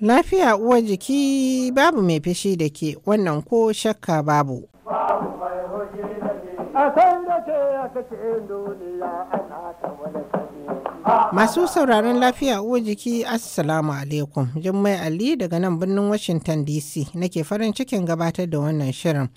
Lafiya uwar jiki babu mai fishi da ke wannan ko shakka babu. Masu sauraron lafiya uwar jiki Assalamu alaikum. Jummai Ali daga nan birnin Washington DC nake farin cikin gabatar da wannan shirin.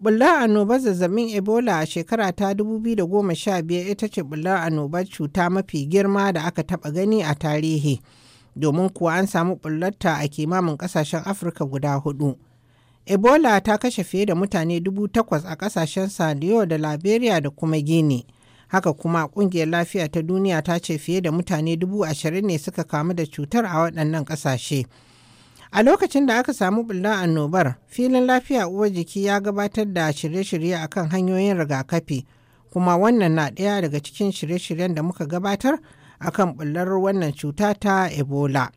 Bullar annobar zazzabin Ebola a shekara ta 2015 ita ce bullar annobar cuta mafi girma da aka taɓa gani a tarihi, domin kuwa an samu bullarta a kimamin ƙasashen Afirka guda hudu. Ebola ta kashe fiye da mutane dubu takwas a ƙasashen Saliyo da Liberia da kuma Gini. Haka kuma ƙungiyar lafiya ta duniya ta ce fiye da mutane dubu ashirin ne suka kamu da cutar a waɗannan ƙasashe. A lokacin da aka samu bullar annobar, filin lafiya uwar jiki ya gabatar da shirye-shirye akan hanyoyin rigakafi, kuma wannan na ɗaya daga cikin shirye-shiryen da muka gabatar akan bullar wannan cuta ta Ebola.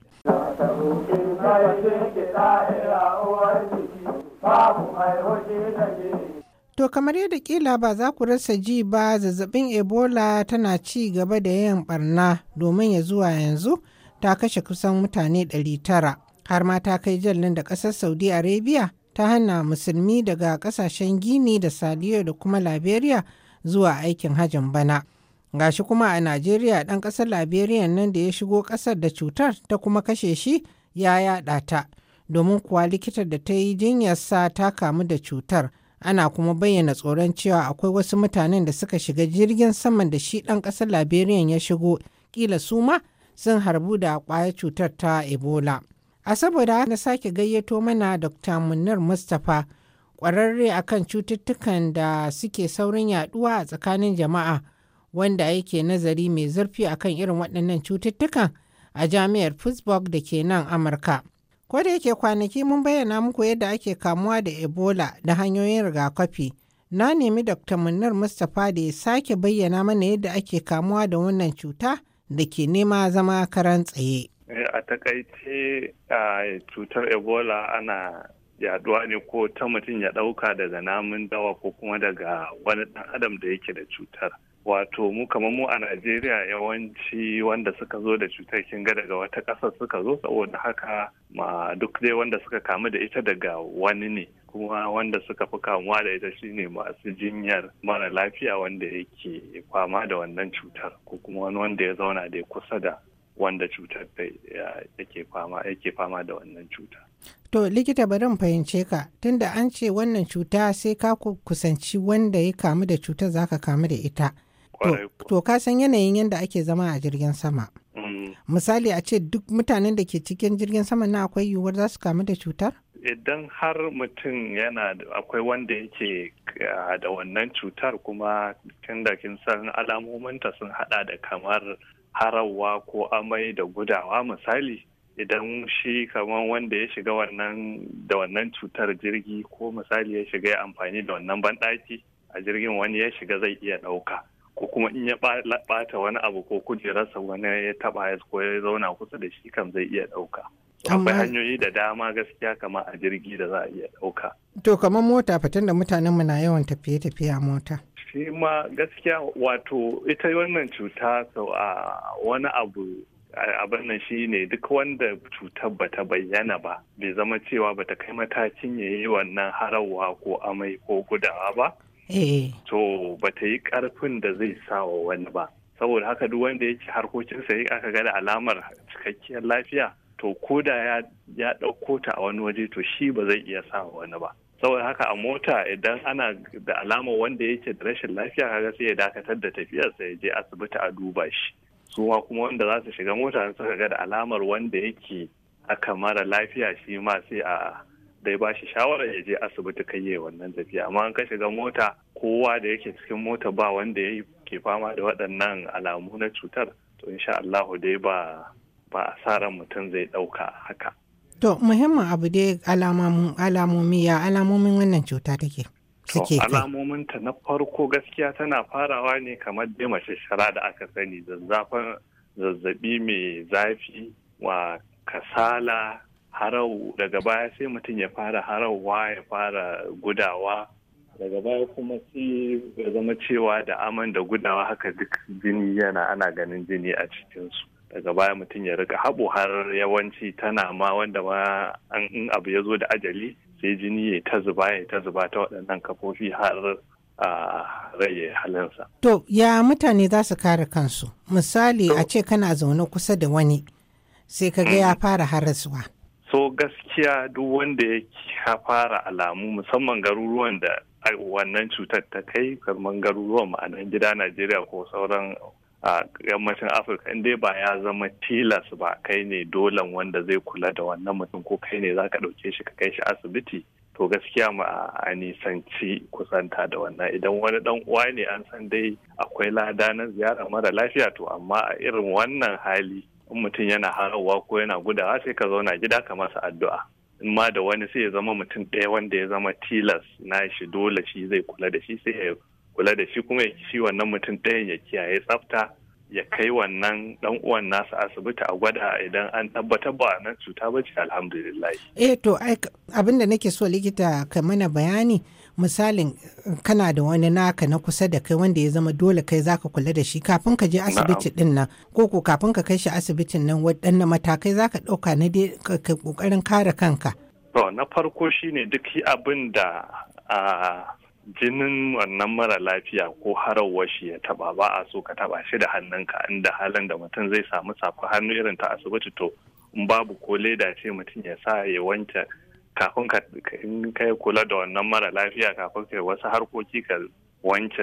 To kamar yadda kila ba za ku rasa ji ba zazzabin Ebola tana ci gaba da yin barna domin ya zuwa yanzu ta kashe kusan mutane 900. har ma ta kai jallin da ƙasar saudi arabia ta hana musulmi daga ƙasashen gini da saliyo da kuma liberia zuwa aikin hajin bana gashi kuma a najeriya ɗan ƙasar liberia nan da ya shigo ƙasar da cutar ta kuma kashe shi ya yaɗa ta domin kuwa likitar da ta yi jinyarsa ta kamu da cutar ana kuma bayyana tsoron cewa akwai wasu mutanen da suka shiga jirgin saman da shi ɗan ƙasar liberia ya shigo kila su ma sun harbu da ƙwayar cutar ta ebola A saboda na sake gayyato mana Dr. Munir Mustapha ƙwararre akan cututtukan da suke saurin yaduwa a tsakanin jama'a wanda yake nazari mai zurfi akan irin waɗannan cututtukan a jami'ar Pittsburgh da ke nan Amurka. Ko da yake kwanaki mun bayyana muku yadda ake kamuwa da Ebola da hanyoyin rigakafi. Na nemi Dr. Munnar Mustapha da ya sake bayyana mana yadda ake kamuwa da wannan cuta da ke nema zama karan tsaye. Eh, a takaice a cutar ebola ana yaduwa ne ko ta mutum ya dauka daga namun dawa ko kuma daga wani dan adam da yake da cutar wato mu kamar mu a najeriya yawanci wanda suka zo da cutar kinga daga wata ƙasa suka zo saboda haka ma duk dai wanda suka kamu da ita daga wani ne kuma wanda suka fi kamuwa da ita shine masu jinyar mara lafiya wanda yake fama da wannan cutar ko kuma wani wanda ya zauna da kusa da wanda cutar take fama yake fama da wannan cuta. To likita bari mu fahimce ka tunda an ce wannan cuta sai ka kusanci wanda ya kamu da cutar zaka kamu da ita. To ka san yanayin yadda ake zama a jirgin sama. Mm. Misali a ce duk mutanen da ke cikin jirgin sama na akwai yiwuwar za su kamu da cutar? Idan har mutum yana akwai wanda yake ah, da wannan cutar kuma tun da kin san alamominta sun hada da kamar harawa ko amai da gudawa misali idan shi kamar wanda ya shiga wannan da wannan cutar jirgi ko misali ya shiga ya amfani da wannan banɗaki a jirgin wani ya shiga zai iya ɗauka ko kuma in ya ɓata wani abu ko kujerarsa wani ya taɓa ya ko ya zauna kusa da shi kam zai iya ɗauka. akwai hanyoyi da dama gaskiya kama a jirgi da za a iya ɗauka. to kamar mota fatan da mutanenmu na yawan tafiye-tafiye a mota. shi ma gaskiya wato ita wannan cuta sau a wani abu abin nan shi ne duk wanda cutar bata bayyana ba bai zama cewa bata kai matakin ya yi wannan harawa ko amai ko gudawa ba eh. to bata yi karfin da zai sa wa wani ba saboda haka duk wanda yake harkokinsa ya aka gada alamar cikakkiyar lafiya to ko da ya ɗauko ta a wani waje to shi ba zai iya sawa wani ba saboda haka a mota idan ana da alama wanda yake da rashin lafiya kaga sai ya dakatar da tafiyar sai ya je asibiti a duba shi suma kuma wanda za su shiga mota suka ga da alamar wanda yake aka mara lafiya shi ma sai a dai ba shi shawarar ya je asibiti kai yayi wannan tafiya amma an ka shiga mota kowa da yake cikin mota ba wanda ya ke fama da waɗannan alamu na cutar to insha Allah dai ba ba asarar mutum zai ɗauka haka To muhimmin abu dai alamomi ya alamomin wannan cuta take. suke alamomin ta na farko gaskiya tana farawa ne kamar dai shara da aka sani zazzafan zazzabi mai zafi wa kasala harau daga baya sai mutum ya fara harauwa ya fara gudawa daga baya kuma sai ya zama cewa da aman da gudawa haka duk jini yana ana ganin jini a cikinsu. daga baya mutum ya rika haɓo har yawanci tana ma wanda ma in abu ya zo da ajali sai jini ya ta zuba ya ta zuba ta waɗannan kafofi har a rage halinsa. To ya mutane za su kare kansu misali a ce kana zaune kusa da wani sai ka ga ya mm. fara harasuwa. So gaskiya duk wanda ya fara alamu musamman garuruwan da wannan cutar ta kai kamar garuruwan ma'anar gida Najeriya ko sauran a yammacin afirka in dai ba ya zama tilas ba kai ne dolan wanda zai kula da wannan mutum ko kai ne za ka ɗauke shi ka kai shi asibiti to gaskiya ma a nisanci kusanta da wannan idan wani dan uwa ne an san dai akwai lada na ziyara mara lafiya to amma a irin wannan hali in mutum yana harawa ko yana gudawa sai ka zauna gida ka masa addu'a in ma da wani sai ya zama mutum ɗaya wanda ya zama tilas na shi dole shi zai kula da shi sai ya kula da shi kuma shi wannan mutum ɗayan ya kiyaye tsafta ya kai wannan ɗan uwan nasa asibiti a gwada idan an tabbatar ba nan cuta ba ce alhamdulillah eh to abin da nake so likita ka mana bayani misalin kana da wani naka na kusa da kai wanda ya zama dole kai zaka kula da shi kafin ka je asibiti din nan ko ko kafin ka kai shi asibitin nan waɗannan matakai zaka ɗauka na dai kokarin kare kanka to na farko shine duk abin da ah, jinin wannan mara lafiya ko harawar shi ya taba ba a so ka taba shi da hannunka inda halin da mutum zai samu safa hannu irin ta asibiti to in babu ko leda ce mutum ya sa ya wanke kafin ka in kai kula da wannan mara lafiya kafin ka wasu harkoki ka wanke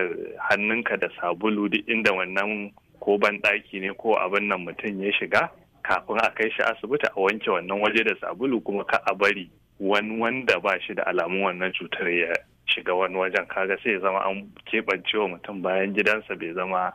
hannunka da sabulu duk inda wannan ko ban daki ne ko abin nan mutum ya shiga kafin a kai shi asibiti a wanke wannan waje da sabulu kuma ka a bari wani wanda ba shi da alamun wannan cutar ya shiga wani wajen kaga sai zama an keɓance wa mutum bayan gidansa bai zama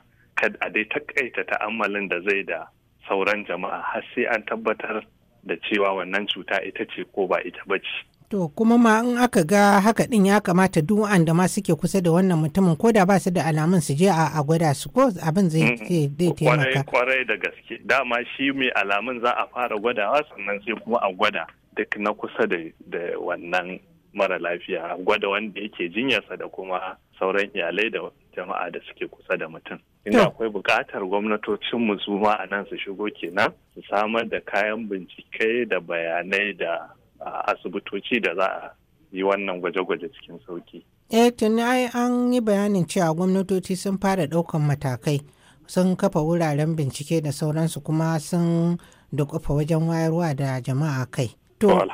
a dai takaita ta'ammalin da zai da sauran jama'a har sai an tabbatar da cewa wannan cuta ita ce ko ba ita ba ce. To kuma ma in aka ga haka din ya kamata duk da ma suke kusa da wannan mutumin ko da ba su da alamun su je a gwada su ko abin zai taimaka. Kwarai da gaske dama shi mai alamun za a fara gwadawa sannan sai kuma a gwada duk na kusa da wannan mara lafiya gwada wanda yake jinyarsa da kuma sauran iyalai da jama'a da suke kusa da mutum inda akwai buƙatar gwamnatocin su ma a nan su shigo kenan su samar da kayan bincike da bayanai da asibitoci da za a yi wannan gwaje-gwaje cikin sauki. eh tuni an yi bayanin cewa gwamnatoci sun fara ɗaukan matakai sun kafa wuraren bincike da sauransu kuma sun da wajen wayarwa da jama'a kai. To,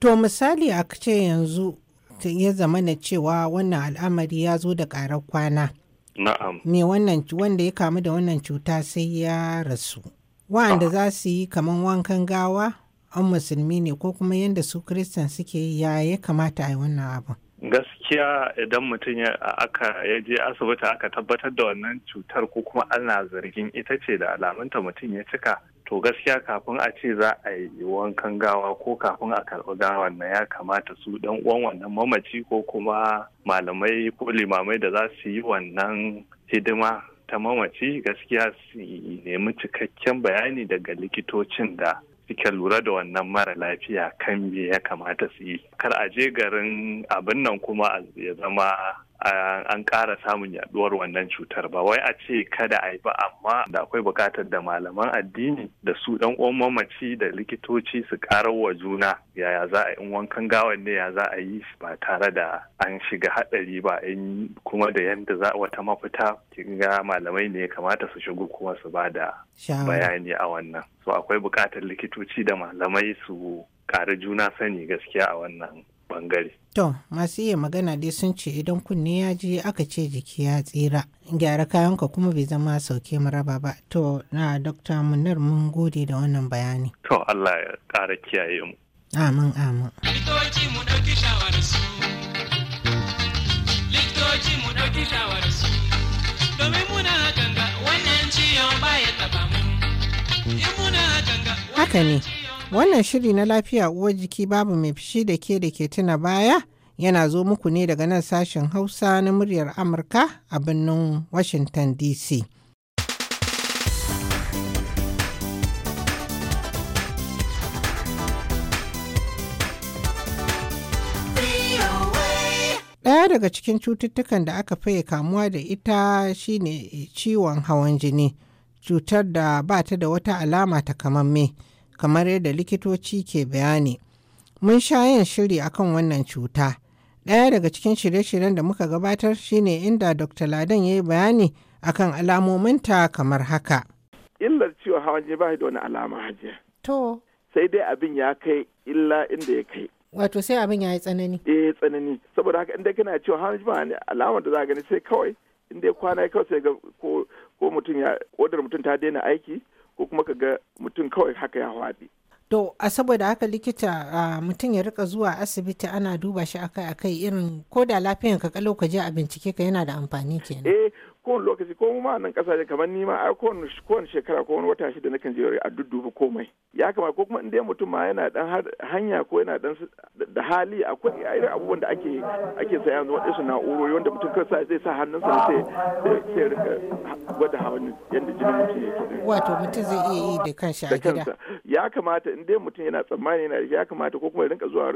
To misali a ce yanzu ya zama na cewa wannan al'amari ya zo da ƙarar kwana. Na'am. Me wannan wanda ya kamu da wannan cuta sai ya rasu. Wa'anda ah. za su yi kamar wankan gawa an musulmi ne ko kuma yadda su kristan suke ya ya kamata a yi wannan abin. Gaskiya idan mutum ya aka ya je asibiti aka tabbatar da wannan cutar ko kuma ana zargin ita ce da alamunta mutum ya cika to gaskiya kafin a ce za a yi wankan gawa ko kafin a karɓi gawan na ya kamata su dan uwan wannan mamaci ko kuma malamai ko limamai da za su yi wannan hidima ta mamaci gaskiya su nemi cikakken bayani daga likitocin da suke lura da wannan mara lafiya kan me ya kamata su yi kar a je garin abin nan kuma ya zama an ƙara samun yaduwar wannan cutar ba wai a ce kada a yi ba amma da akwai buƙatar da malaman addini da su ɗan uwan mamaci da likitoci su ƙarar wa juna yaya za a in wankan gawan ne ya za a yi ba tare da an shiga haɗari ba in kuma da yadda za wata mafita kin ga malamai ne kamata su shigo kuma su ba da bayani a wannan so akwai buƙatar likitoci da malamai su ƙari juna sani gaskiya a wannan bangare. To, masu iya magana dai sun ce idan kunne ya ji aka ce jiki ya tsira. Gyara kayanka kuma bai zama sauke maraba ba. To, na Dokta Munar mun gode da wannan bayani. To, Allah ya ƙara kiyaye mu. Amin, amin. Likitoci Haka ne. Wannan shiri na lafiya uwar jiki babu mai fishi da ke da ke tuna baya yana zo muku ne daga nan sashen Hausa na muryar Amurka a birnin Washington DC. Ɗaya daga cikin cututtukan da aka faye kamuwa da ita shine ciwon hawan jini, cutar da ba ta da wata alama takamamme. kamar yadda likitoci ke bayani. Mun sha yin shiri akan wannan cuta. Ɗaya daga cikin shirye-shiryen da muka gabatar shine inda Dr. Ladan ya yi bayani akan alamominta kamar haka. Illar ciwon hawan jini ba da wani alama hajiya. To. Sai dai abin ya kai illa inda ya kai. Wato sai abin ya yi tsanani. Eh tsanani. Saboda haka inda kana ciwon hawan jini ba ne alamar da za a gani sai kawai inda kwana kawai sai ga ko mutum ya kodar mutum ta daina aiki ko kuma ka ga mutum kawai haka ya haɗe. To, a saboda haka likita a mutum ya rika zuwa asibiti ana duba shi akai akai irin ko da lafiyan ka kalau ka je a bincike ka yana da amfani kenan. Eh, kowane lokaci ko ma nan kasashe kamar nima a kowane shekara ko wani wata shida nakan je a dudduba komai ya kamata ko kuma in dai mutum ma yana dan hanya ko yana dan da hali akwai irin abubuwan da ake ake saya yanzu wadansu na'urori wanda mutum kansa zai sa hannunsa sai sai rika gwada hawan yadda jinin mutum yake wato mutum zai iya yi da kanshi a gida ya kamata in dai mutum yana tsammani yana ya kamata ko kuma ya rinka zuwa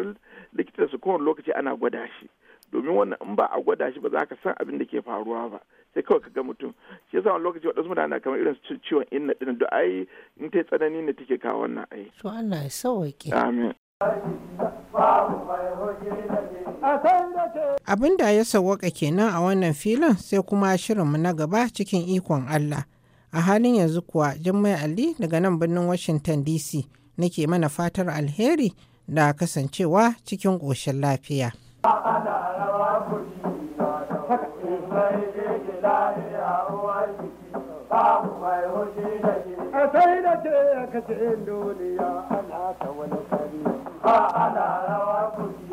likita su kowane lokaci ana gwada shi domin wannan in ba a gwada shi ba za ka san abin da ke faruwa ba sai kawai ka ga mutum shi yasa wani lokaci waɗansu mutane kamar irin su ciwon inna ɗin da ai in ta tsanani ne take kawo wannan ai to Allah ya sauke amin Abin da ya sawwaka kenan a wannan filin sai kuma shirinmu na gaba cikin ikon Allah. A halin yanzu kuwa Jummai Ali daga nan birnin Washington DC nake mana fatar alheri da kasancewa cikin ƙoshin lafiya. ce ka ce duniya ana ta wani kari. Ba ana rawa kuɗi.